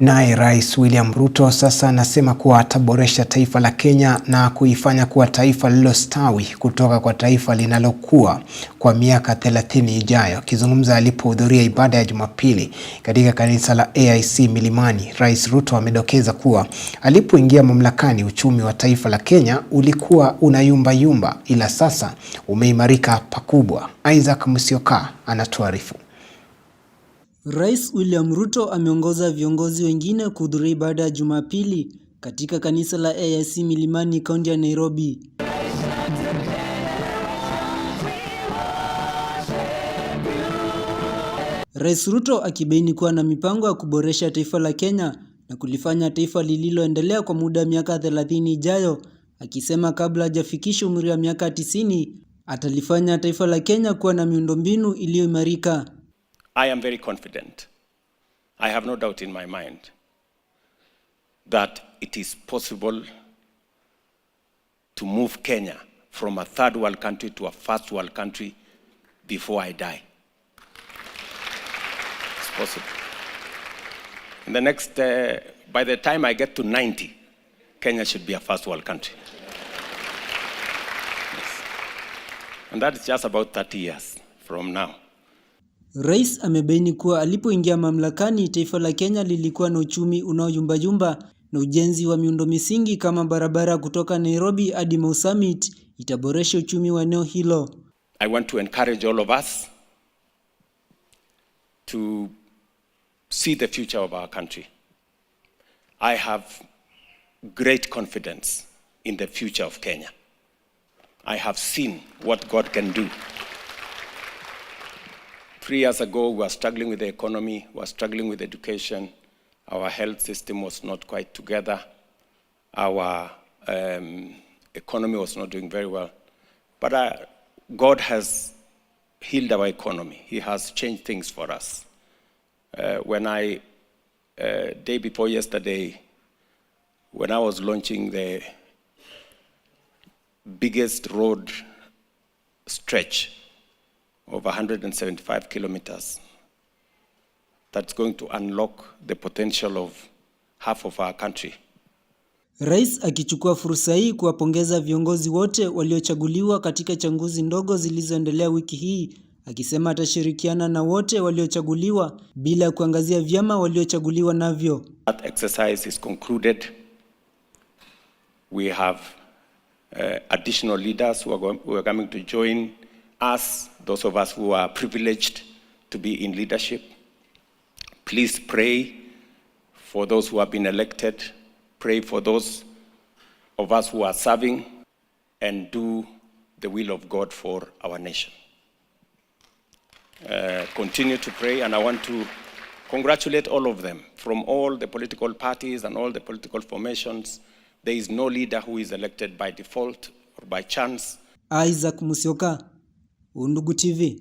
Naye Rais William Ruto sasa anasema kuwa ataboresha taifa la Kenya na kuifanya kuwa taifa lililostawi kutoka kwa taifa linalokuwa kwa miaka 30 ijayo. Akizungumza alipohudhuria ibada ya Jumapili katika kanisa la AIC Milimani, Rais Ruto amedokeza kuwa alipoingia mamlakani uchumi wa taifa la Kenya ulikuwa unayumbayumba, ila sasa umeimarika pakubwa. Isaac Musyoka anatuarifu. Rais William Ruto ameongoza viongozi wengine kuhudhuria ibada ya Jumapili katika kanisa la AIC Milimani, kaunti ya Nairobi. Rais Ruto akibaini kuwa na mipango ya kuboresha taifa la Kenya na kulifanya taifa lililoendelea kwa muda wa miaka 30 ijayo, akisema kabla hajafikisha umri wa miaka 90 atalifanya taifa la Kenya kuwa na miundombinu iliyoimarika. I am very confident. I have no doubt in my mind that it is possible to move Kenya from a third world country to a first world country before I die. It's possible. In the next, uh, by the time I get to 90, Kenya should be a first world country. Yes. And that is just about 30 years from now. Rais amebaini kuwa alipoingia mamlakani taifa la Kenya lilikuwa na uchumi unaoyumbayumba na ujenzi wa miundo misingi kama barabara kutoka Nairobi hadi Mau Summit itaboresha uchumi wa eneo hilo. I want to encourage all of us to see the future of our country. I have great confidence in the future of Kenya. I have seen what God can do. Three years ago, we were struggling with the economy, we were struggling with education, our health system was not quite together, our um, economy was not doing very well. But uh, God has healed our economy, He has changed things for us. Uh, when I, uh, day before yesterday, when I was launching the biggest road stretch of 175 kilometers that's going to unlock the potential of half of our country. Rais akichukua fursa hii kuwapongeza viongozi wote waliochaguliwa katika changuzi ndogo zilizoendelea wiki hii akisema atashirikiana na wote waliochaguliwa bila kuangazia vyama waliochaguliwa navyo. That exercise is concluded. We have uh, additional leaders who are, going, who are coming to join us, those of us who are privileged to be in leadership, please pray for those who have been elected, pray for those of us who are serving, and do the will of God for our nation. Uh, continue to pray, and I want to congratulate all of them from all the political parties and all the political formations. There is no leader who is elected by default or by chance. Isaac Musioka, Undugu TV.